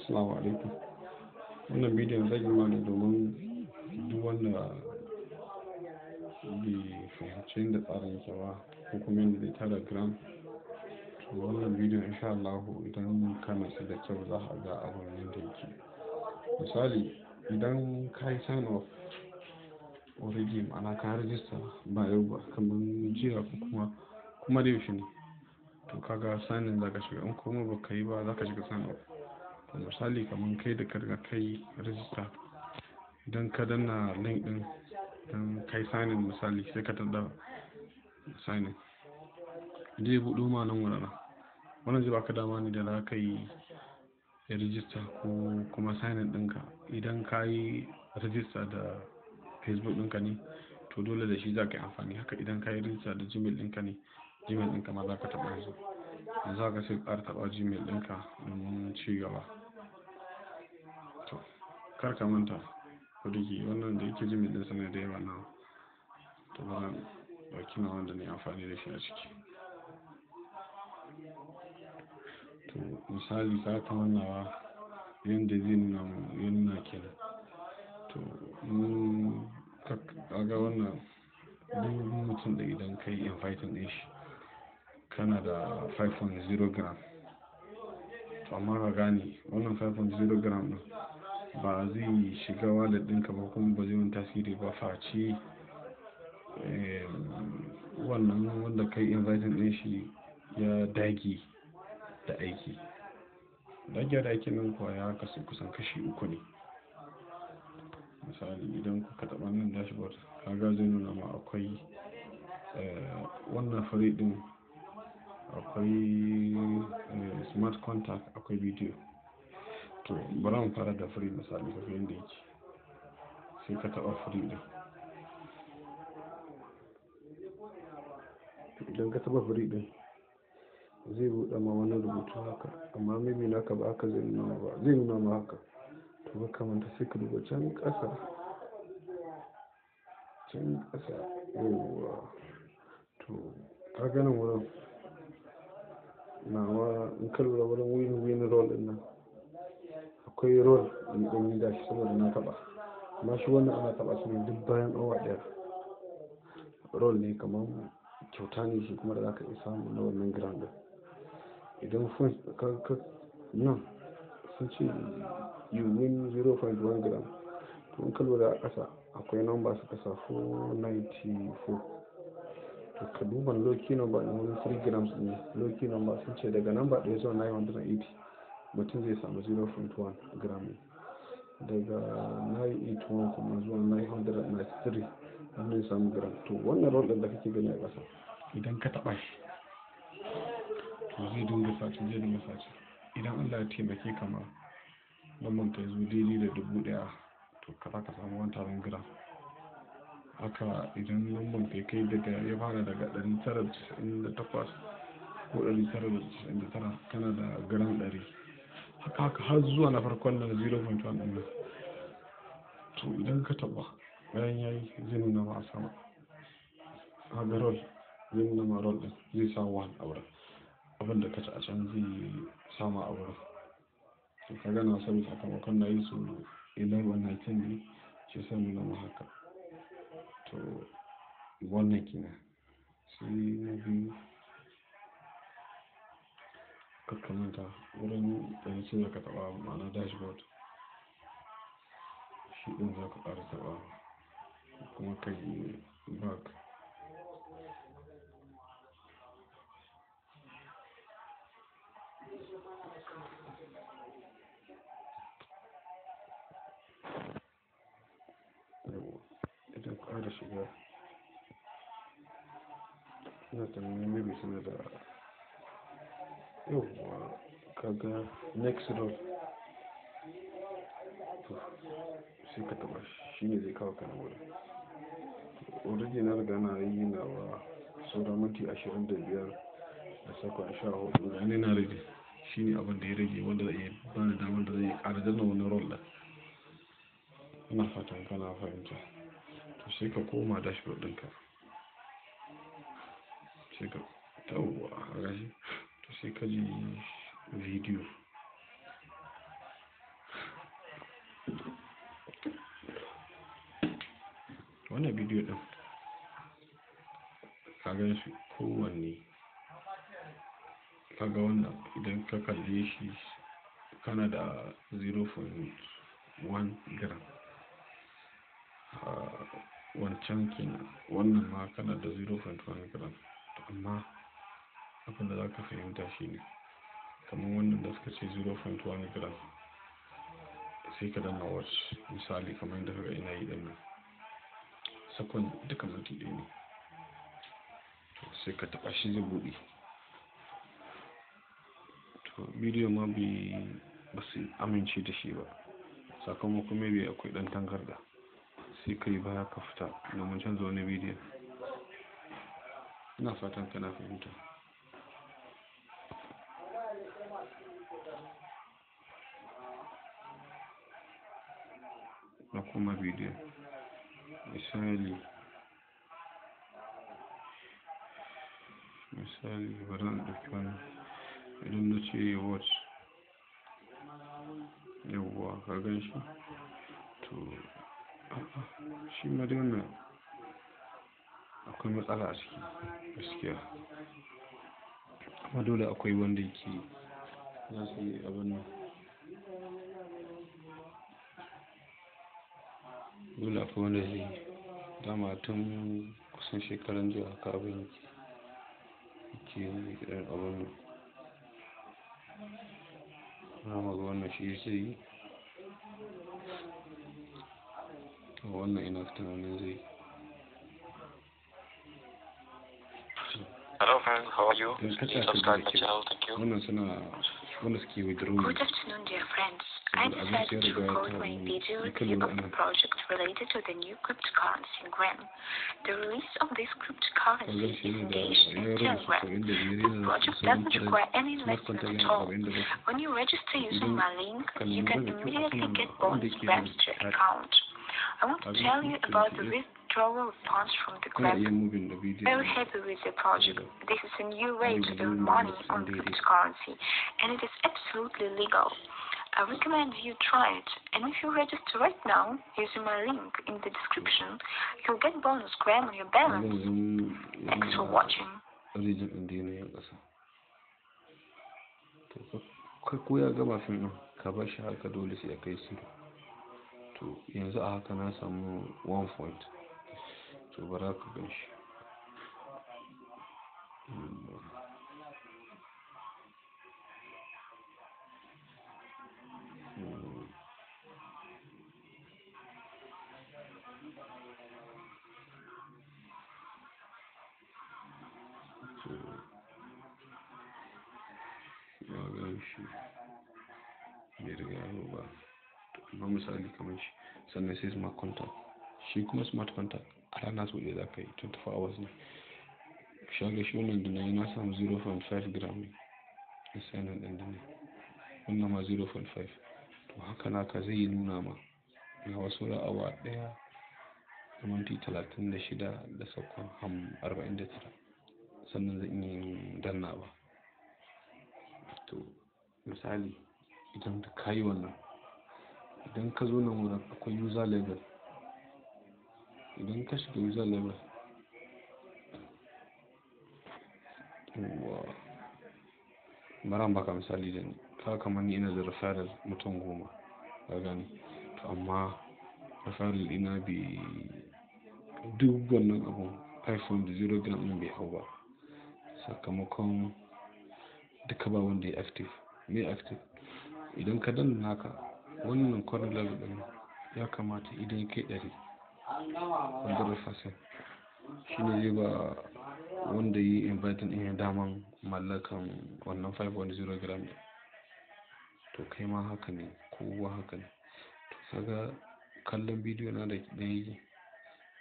assalamu alaikum wannan bidiyon zai yi ne domin duk wanda bai fahimci yadda tsarin yake ba ko kuma yadda zai tara gram to wannan bidiyon insha Allah idan ka nasu da kyau za a ga abin yadda yake misali idan ka yi sign off already ma'ana ka rajista ba yau ba kamar jiya ko kuma kuma da yaushe ne to kaga sanin zaka shiga in kuma baka yi ba zaka shiga sign off misali kamar kai da karga kai rajista idan ka danna link din don kai signing misali sai ka tada signing zai buɗo ma nan wurana wannan zai baka dama ne da za ka yi rajista ko kuma signing ɗinka idan ka yi rajista da facebook ɗinka ne to dole da shi za ka yi amfani haka idan ka yi rajista da gmail ɗinka ne gmail ɗinka ma za ka taɓa yanzu yanzu haka sai ƙara taɓa gmail ɗinka domin ci gaba kar ka manta kudigi wannan da yake jimin ɗinsa ne da yawa na to ba zan na wanda ne amfani da shi a ciki to misali ka ka wannawa yadda zai na mu ya na kenan to kaga wannan duk mutum da idan kai inviting din shi kana da 5.0 gram to amma ga gani wannan 5.0 gram ba zai shiga wallet ɗinka ba kuma ba zai yi tasiri ba face eh, wannan wanda kai invitin ɗin shi ya dage da aiki dage da aiki nan kuwa ya kasu kusan kashi uku ne misali idan kuka taɓa nan dashboard kaga zai nuna ma akwai eh, wannan fari ɗin akwai eh, smart contact akwai bidiyo to bari mu fara da free misali kafin yadda yake sai ka taɓa free din idan ka taɓa free din zai buɗe ma wani rubutu haka amma na ka ba haka zai nuna ba zai nuna ma haka to ba kamanta sai ka duba can ƙasa can ƙasa yawa to ka ganin wurin nawa in ka lura wurin win win rolin nan akwai roll mai ɗan yi gashi saboda na taɓa amma shi wannan ana taɓa shi ne duk bayan awa ɗaya roll ne kamar kyauta ne shi kuma da za ka iya samu na wannan ground idan fun ka nan sun ce you win 0.1 gram to in ka lura a ƙasa akwai namba suka sa 494 to ka duba loki namba na wurin 3 grams ne loki namba sun ce daga namba 1 zuwa 980 mutum zai samu 0.1 gram daga 981 kuma zuwa 993 hannun samu gram to wannan roll da kake gani a ƙasa idan ka taɓa shi to zai dinga sace zai dinga sace idan allah ya taimake ka ma ta ka zo daidai da dubu ɗaya to ka ka samu 1000 gram haka idan lamar ta kai daga ya fara daga 998 ko 999 kana da gram 100 haka haka har zuwa na farkon nan 0.1 ɗin to idan ka taɓa bayan ya yi zai nuna ma a sama haga roll zai nuna ma roll ɗin zai sa 1 a wurin abin da ka ci a can zai sama a wurin to ka gana sabi sakamakon na yi su 11.19 ne Ke sai nuna ma haka to wannan kina sai na biyu kakkamanta wurin yanzu za ka taba ma'ana dashboard shi ɗin za ka ƙara taba kuma ka yi back idan ƙara shiga suna tambayin mabi suna da yawwa kaga next row to sai ka taba shi ne zai kawo kanan wurin already na riga na yi nawa sauran minti ashirin da biyar da sakon sha hudu ga ne na rage shi ne abin da ya rage wanda zai iya bani damar da zai ƙara na wani rol da ina fatan kana fahimta to sai ka koma dashboard ɗinka sai ka tawwa a gashi sai ka ji video wannan bidiyo ɗin ka gan shi kowanne ka ga wannan idan ka kalle shi kana da 0.1 gram wancan kenan wannan ma kana da 0.1 gram amma abin da za ka fahimta shi ne kamar wannan da suka ce 0.1 gram sai ka danna watch misali kamar yadda kaga ina yi dan nan sakon duka minti ɗaya ne sai ka taɓa shi zai buɗe to bidiyo ma ba su amince da shi ba sakamakon maybe akwai ɗan tangarda sai ka yi baya ka fita domin canza wani bidiyon ina fatan kana fahimta a kuma bidiyon misali misali bari na ɗauki wani idan na ce what yawwa ka gan shi to shi ma dai wannan akwai matsala a ciki gaskiya amma dole akwai wanda yake za su yi abin nan dole akwai wanda zai dama tun kusan shekaran jiya kabin abin yake abin rama ga wannan shi zai yi wannan ina tunanin zai yi Hello how are you? subscribe to the channel, thank Шпонский with Rui. Good afternoon, dear friends. I decided to record my video review of the project related to the new cryptocurrency in Gram. The release of this cryptocurrency is engaged in Telegram. The project doesn't require any investment at all. When you register using my link, you can immediately get bonus Webster account. I want to tell you about the risk I am from the club. Very happy with the project. This is a new way to earn money on cryptocurrency, and it is absolutely legal. I recommend you try it, and if you register right now using my link in the description, you'll get bonus gram on your balance. Thanks for watching. ko ya fim ka shi haka dole sai ya kai su to yanzu a haka na samu 1 point Собака, конечно. Vamos sair de aí. Só necessito uma contato. shi kuma smart contract a rana su ɗaya za ka yi 24 hours ne shaga shi wannan da na yi na samu 0.5 gram ne a sanin ɗan dana wannan ma 0.5 to haka na ka zai yi nuna ma na wasu ra'awa ɗaya da minti talatin da shida da sakon ham arba'in da sannan zai yi danna ba to misali idan ka yi wannan idan ka zo na wurin akwai user level idan ka shiga user level maran baka misali da ka kamar ni ina da referral mutum goma ka gani to amma referral ina bi duk wannan da zero gram ɗin bai hau ba sakamakon duka ba wanda ya active mai active idan ka danna naka wannan kwanan level ɗin ya kamata idan kai ɗari badar fasil shi ne ba wanda yi inviting ɗin daman mallakan wannan 510 gram to kai ma haka ne kowa haka ne to saga kallon bidiyo na da ɗaya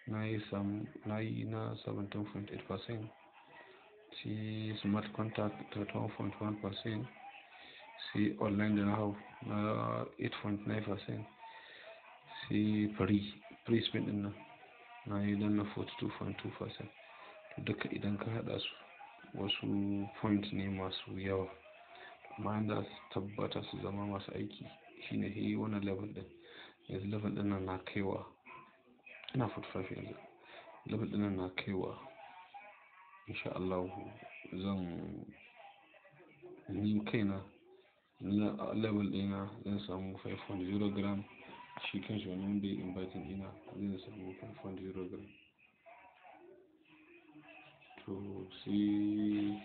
na yi na yi na 17.8% sai smart contact 31.1% sai online da na hau na 8.9% sai free free din nan na yi don na 42.2% to duka idan ka hada su wasu point ne masu yawa amma yadda tabbata su zama masu aiki shine he wannan level din yanzu level din nan na kaiwa ina 45 yanzu level din nan na kaiwa insha Allah zan ni kaina level dina zan samu 5.0 gram shi kan shi wani wanda ya invite ina zai samu 5.0 gram to sai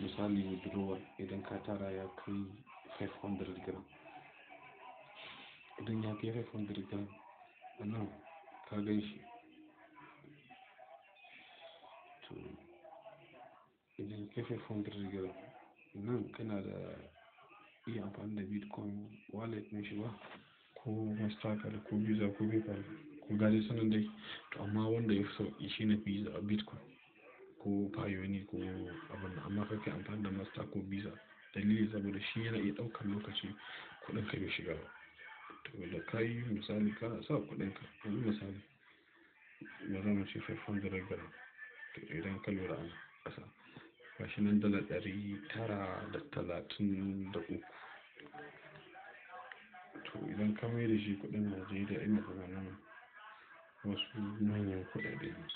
misali withdrawal idan ka tara ya kai 500 gram idan ya kai 500 gram a ka gan shi to idan ya kai 500 gram nan kana da iya amfani da bitcoin wallet ne shi ba ko mastercard ko visa ko paypal ko gaje sanan dai to amma wanda ya fi sauƙi shine visa bitcoin ko pioneer ko abin da amma kake amfani da master ko visa dalili saboda shi yana iya ɗaukar lokaci kuɗin ka bai shiga to da ka misali ka sa kuɗin ka yanzu misali ya zama ce 500 gram to idan ka lura a ƙasa shi nan dala ɗari tara da talatin da uku to idan ka mai da shi kuɗin najeriya ina ganin wasu manyan kuɗaɗe ne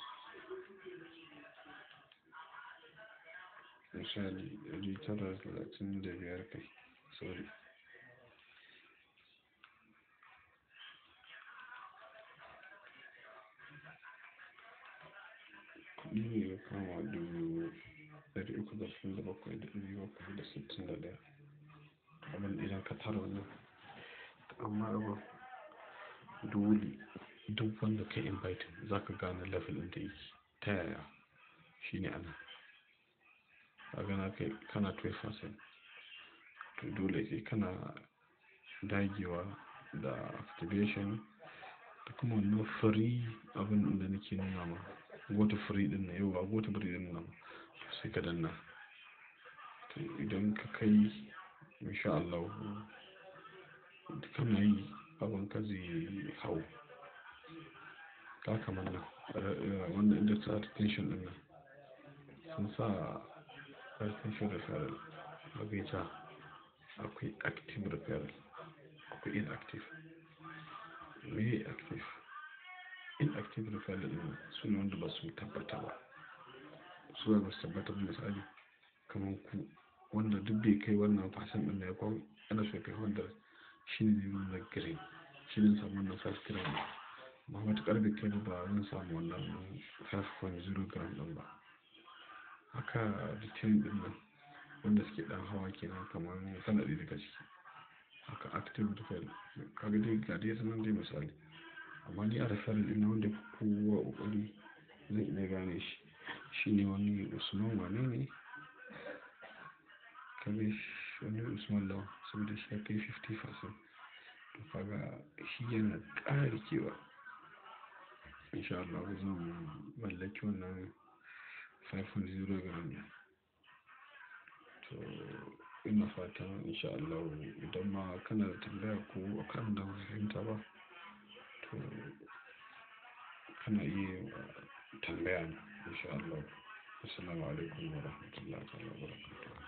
misali ɗari tara talatin da biyar kai sorry kuɗi ne ya kama dubu ɗari uku da da bakwai da ɗari bakwai da sittin da ɗaya abin idan ka tara wannan amma ba dole duk wanda ka invite za ka gane level ɗin da ta yaya shi ne ana gana kai kana 12% to dole sai kana dagewa da activation da kuma wannan free abin da nake nuna ma gota free din na yau ba free din na sai ka danna idan ka kai insha Allah kana yi a ka zai hau ta kamar nan eh, wannan inda ta tension din nan sun sa tension referral magaita akwai active referral akwai inactive me active inactive referral din su ne wanda ba su tabbata ba su ba su tabbata ba misali kamar ku wanda duk bai kai wannan fasin din da ya kwawo ana so kai 100 shine ne neman zakire shine ne samu wannan 5 gram ba matuƙar da kai ba zan samu wannan 5.0 gram ɗin ba haka bitin ɗin nan wanda suke ɗan hawa kenan kamar sanadi daga ciki haka active defend kaga dai ga dai sanan dai misali amma ni a rasar nan wanda kowa kokari zan ne gane shi shine wani usman wane ne kaga wani usman lawan saboda shi ya kai 50% to kaga shi yana ƙara kewa insha Allah zan mallaki wannan 500 gram ne to ina fatan insha Allah idan ma kana da tambaya ko akan da fahimta ba to kana iya tambaya na insha Allah assalamu alaikum wa rahmatullahi wa barakatuh